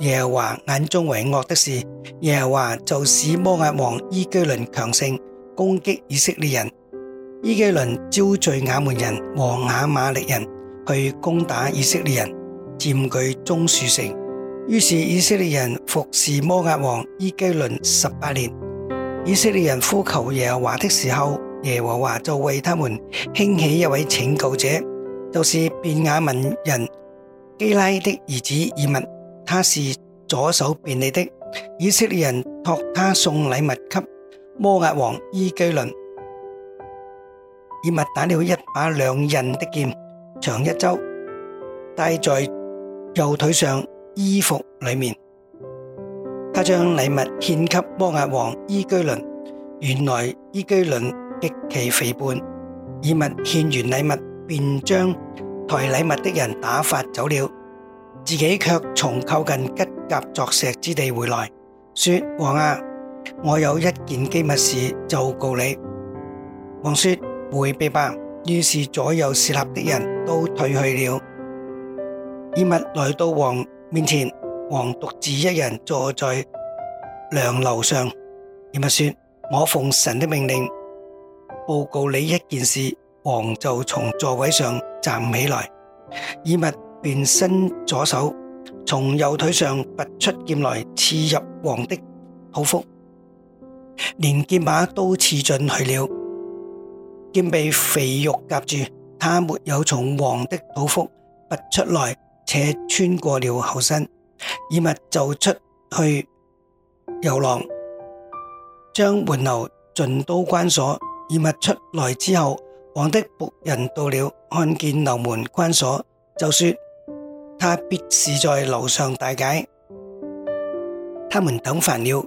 耶和華眼中為惡的事，耶和華就使摩押王伊基倫強盛，攻擊以色列人。伊基倫招聚亞門人和亞瑪力人去攻打以色列人，佔據棕樹城。於是以色列人服侍摩押王伊基倫十八年。以色列人呼求耶和華的時候，耶和華就為他們興起一位拯救者，就是便雅憫人基拉的兒子以民。他是左手便利的以色列人，託他送禮物給摩押王伊居倫。以物打了一把兩刃的劍，長一周，戴在右腿上衣服裏面。他將禮物獻給摩押王伊居倫。原來伊居倫極其肥胖，以物獻完禮物，便將抬禮物的人打發走了。自己卻從靠近吉甲鑿石之地回來，說：王啊，我有一件機密事，就告你。王說：回避吧。於是左右侍立的人都退去了。以物來到王面前，王獨自一人坐在涼樓上。以物說：我奉神的命令，報告你一件事。王就從座位上站起來，以物。便伸左手，從右腿上拔出劍來，刺入王的肚腹，連劍把都刺進去了。劍被肥肉夾住，他沒有從王的肚腹拔出來，且穿過了後身。以物就出去游廊，將門樓盡都關鎖。以物出來之後，王的僕人到了，看見樓門關鎖，就說。他必是在樓上大解。他們等煩了，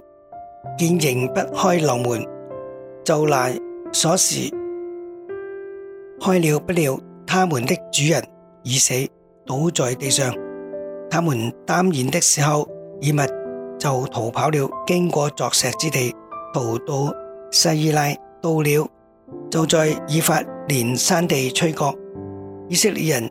見仍不開樓門，就拿鎖匙開了，不料他們的主人已死，倒在地上。他們耽延的時候，以笏就逃跑了。經過鑿石之地，逃到西伊拉，到了就在以法蓮山地吹角。以色列人。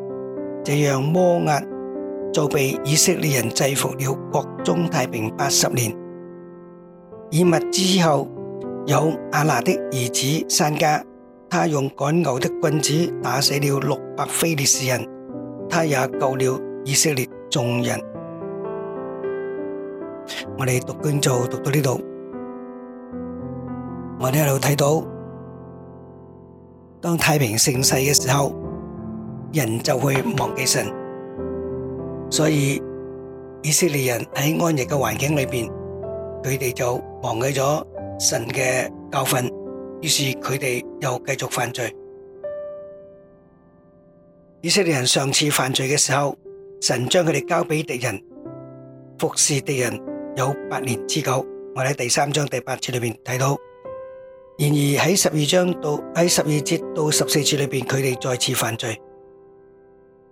這樣，摩押就被以色列人制服了，國中太平八十年。以笏之後有亞拿的兒子珊迦，他用趕牛的棍子打死了六百非利士人，他也救了以色列眾人。我哋讀經就讀到呢度，我哋喺度睇到，當太平盛世嘅時候。人就會忘記神，所以以色列人喺安逸嘅環境裏邊，佢哋就忘記咗神嘅教訓，於是佢哋又繼續犯罪。以色列人上次犯罪嘅時候，神將佢哋交俾敵人，服侍敵人有八年之久。我喺第三章第八節裏邊睇到，然而喺十二章到喺十二節到十四節裏邊，佢哋再次犯罪。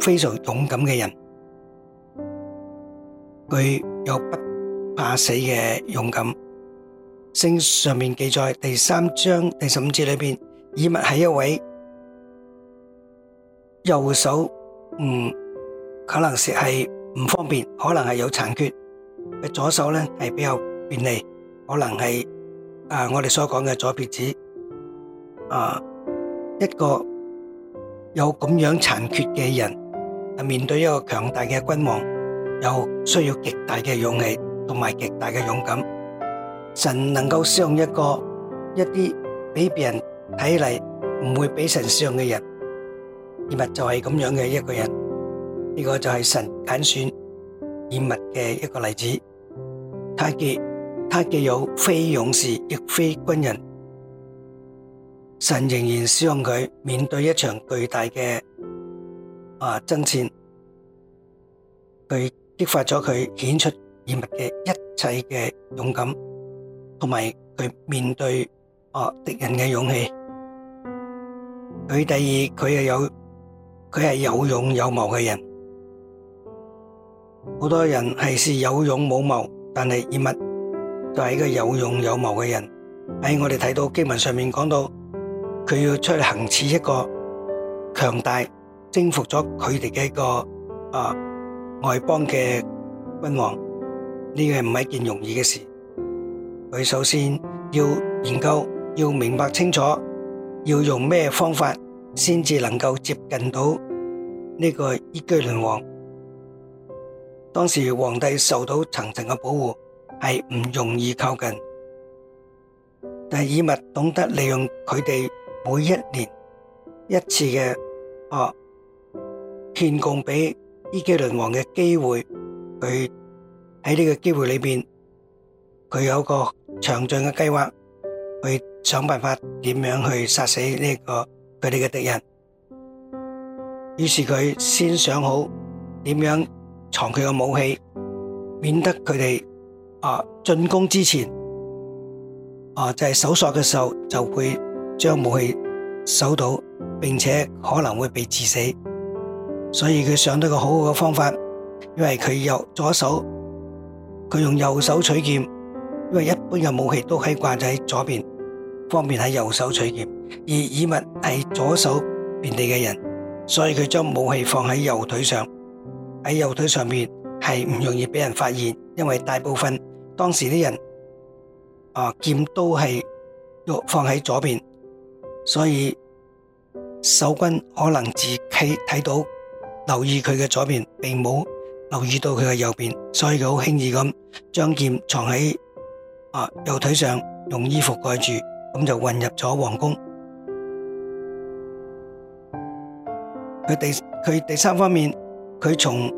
非常勇敢嘅人，佢有不怕死嘅勇敢。聖經上面記載第三章第十五節裏邊，以物係一位右手，嗯，可能是係唔方便，可能係有殘缺嘅左手咧係比較便利，可能係啊，我哋所講嘅左撇子啊，一個有咁樣殘缺嘅人。面對一個強大嘅君王，有需要極大嘅勇氣同埋極大嘅勇敢。神能夠使用一個一啲俾別人睇嚟，唔會俾神使用嘅人，義物就係咁樣嘅一個人。呢個就係神揀選義物嘅一個例子。他既他既有非勇士亦非軍人，神仍然使用佢面對一場巨大嘅。啊！真善，佢激發咗佢顯出以物嘅一切嘅勇敢，同埋佢面對啊敵人嘅勇氣。佢第二，佢又有佢係有勇有謀嘅人。好多人係是有勇冇謀，但係以物就係一個有勇有謀嘅人。喺我哋睇到經文上面講到，佢要出去行刺一個強大，征服咗佢哋嘅一個啊外邦嘅君王，呢個係唔係一件容易嘅事？佢首先要研究，要明白清楚，要用咩方法先至能夠接近到呢個伊磯倫王。當時皇帝受到層層嘅保護，係唔容易靠近，但係以笏懂得利用佢哋每一年一次嘅啊。獻貢俾伊基倫王嘅機會，佢喺呢個機會裏邊，佢有個詳盡嘅計劃，去想辦法點樣去殺死呢個佢哋嘅敵人。於是佢先想好點樣藏佢嘅武器，免得佢哋啊進攻之前啊就係搜索嘅時候，就會將武器搜到，並且可能會被致死。所以佢想到一個好好嘅方法，因為佢右左手，佢用右手取劍，因為一般嘅武器都可以掛就喺左邊，方便喺右手取劍。而以物係左手邊地嘅人，所以佢將武器放喺右腿上，喺右腿上面，係唔容易俾人發現，因為大部分當時啲人，啊劍都係放喺左邊，所以守軍可能自己睇到。留意佢嘅左邊，並冇留意到佢嘅右邊，所以佢好輕易咁將劍藏喺啊右腿上，用衣服蓋住，咁就混入咗皇宮。佢第佢第三方面，佢從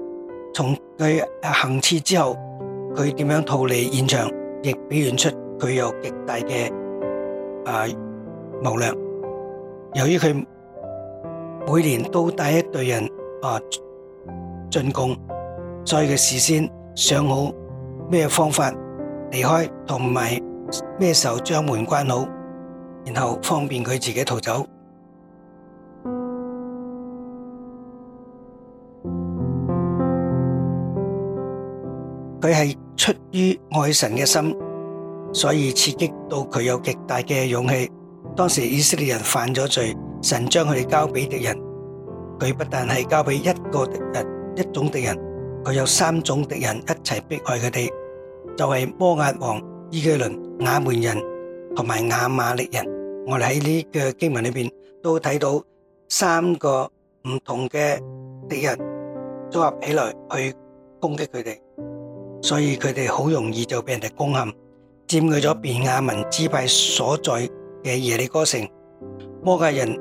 從佢行刺之後，佢點樣逃離現場，亦表現出佢有極大嘅啊謀略。由於佢每年都帶一隊人。啊！進攻所以嘅事先想好咩方法離開，同埋咩時候將門關好，然後方便佢自己逃走。佢係出於愛神嘅心，所以刺激到佢有極大嘅勇氣。當時以色列人犯咗罪，神將佢哋交畀敵人。佢不但係交俾一個敵人，一種敵人，佢有三種敵人一齊迫害佢哋，就係摩押王、伊磯倫、亞捫人同埋亞瑪力人。我哋喺呢個經文裏邊都睇到三個唔同嘅敵人組合起來去攻擊佢哋，所以佢哋好容易就俾人哋攻陷，佔據咗便雅明支派所在嘅耶利哥城。摩押人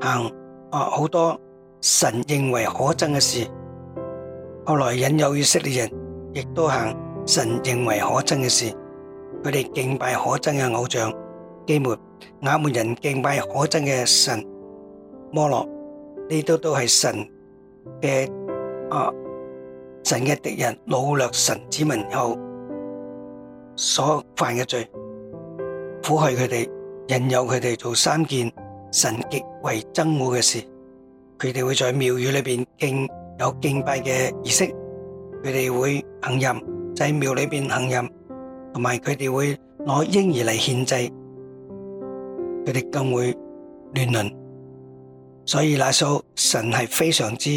行啊好多。神認為可憎嘅事，後來引誘以色列人，亦都行神認為可憎嘅事，佢哋敬拜可憎嘅偶像，基抹，亞捫人敬拜可憎嘅神摩洛，呢啲都係神嘅啊，神嘅敵人擄掠神子民後所犯嘅罪，苦害佢哋，引誘佢哋做三件神極為憎惡嘅事。佢哋會在廟宇裏邊敬有敬拜嘅儀式，佢哋會行淫，就喺廟裏邊行淫，同埋佢哋會攞嬰兒嚟獻祭，佢哋更會亂倫。所以那首神係非常之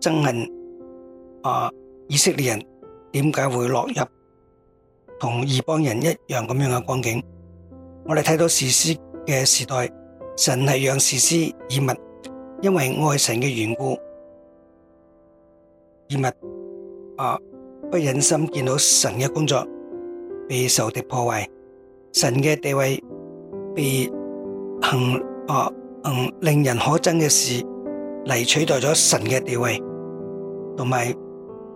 憎恨啊！以色列人點解會落入同異邦人一樣咁樣嘅光景？我哋睇到士師嘅時代，神係讓士師以物。因為愛神嘅緣故，而物啊不忍心見到神嘅工作被仇敵破壞，神嘅地位被行啊、嗯令人可憎嘅事嚟取代咗神嘅地位，同埋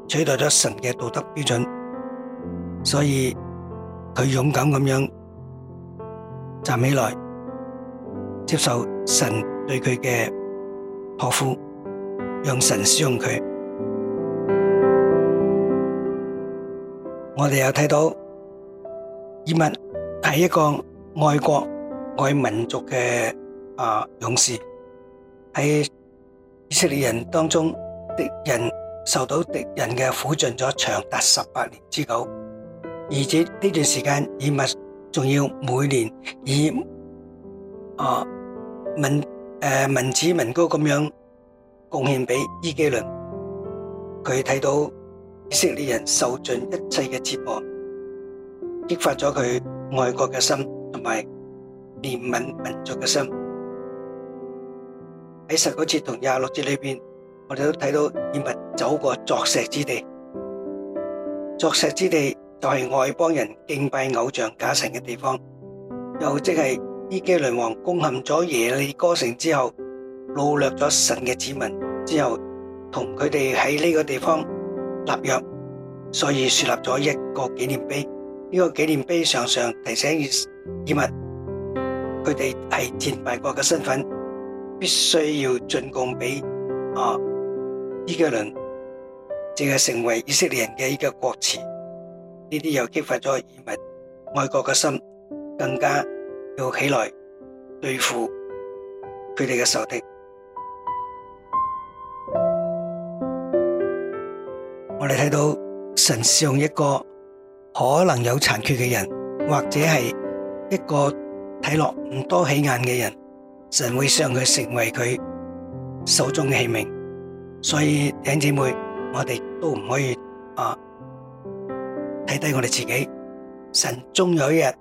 取代咗神嘅道德標準，所以佢勇敢咁樣站起來，接受神對佢嘅。何富讓神使用佢？我哋又睇到以物係一個愛國愛民族嘅啊、呃、勇士，喺以色列人當中敵人受到敵人嘅苦盡咗長達十八年之久，而且呢段時間以物仲要每年以啊、呃、民。誒，民脂民膏咁樣貢獻俾伊基倫，佢睇到以色列人受盡一切嘅折磨，激發咗佢愛國嘅心，同埋憐憫民族嘅心。喺十九節同廿六節裏邊，我哋都睇到以笏走過鑿石之地，鑿石之地就係外邦人敬拜偶像假神嘅地方，又即係。伊基倫王攻陷咗耶利哥城之後，擄掠咗神嘅子民，之後同佢哋喺呢個地方立約，所以樹立咗一個紀念碑。呢個紀念碑常常提醒以以民，佢哋係戰敗國嘅身份，必須要進貢俾啊伊基倫，淨係成為以色列人嘅一個國恥。呢啲又激發咗以民愛國嘅心，更加。要起來對付佢哋嘅仇敵。我哋睇到神使用一個可能有殘缺嘅人，或者係一個睇落唔多起眼嘅人，神會使用佢成為佢手中嘅器皿。所以弟兄姊妹，我哋都唔可以啊睇低我哋自己。神終有一日。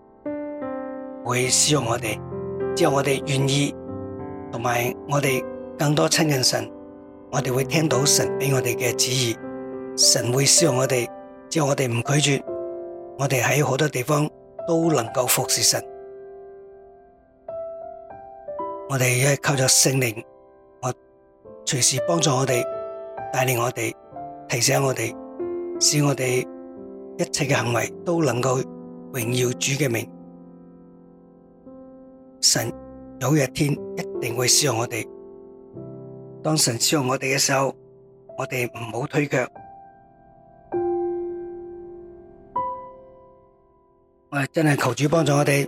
會使用我哋，只要我哋願意，同埋我哋更多親近神，我哋會聽到神畀我哋嘅旨意。神會使用我哋，只要我哋唔拒絕，我哋喺好多地方都能夠服侍神。我哋要係靠咗聖靈，我隨時幫助我哋，帶領我哋，提醒我哋，使我哋一切嘅行為都能夠榮耀主嘅名。神有一天一定會使用我哋，當神使用我哋嘅時候，我哋唔好推卻。我哋真係求主幫助我哋，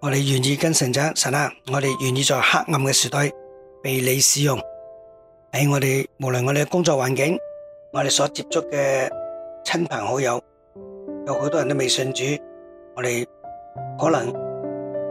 我哋願意跟神走。神啊，我哋願意在黑暗嘅時代被你使用喺我哋，無論我哋嘅工作環境，我哋所接觸嘅親朋好友，有好多人都未信主，我哋可能。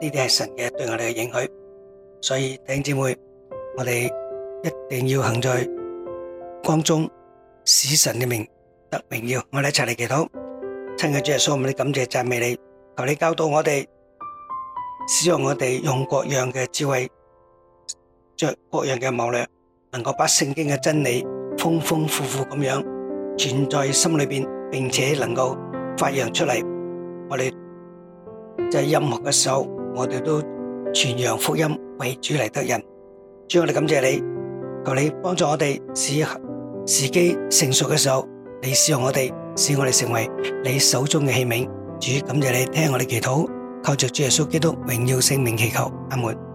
呢啲係神嘅，對我哋嘅應許，所以弟兄姊妹，我哋一定要行在光中，使神嘅名得榮耀。我哋一齊嚟祈禱，親愛主耶穌，我哋感謝讚美你，求你教導我哋，使用我哋用各樣嘅智慧，著各樣嘅謀略，能夠把聖經嘅真理豐豐富富咁樣存在心裏邊，並且能夠發揚出嚟，我哋。就係任何嘅時候，我哋都傳揚福音為主嚟，得人。主，我哋感謝你，求你幫助我哋，使時機成熟嘅時候，你使用我哋，使我哋成為你手中嘅器皿。主，感謝你聽我哋祈禱，靠着主耶穌基督榮耀聖名祈求，阿門。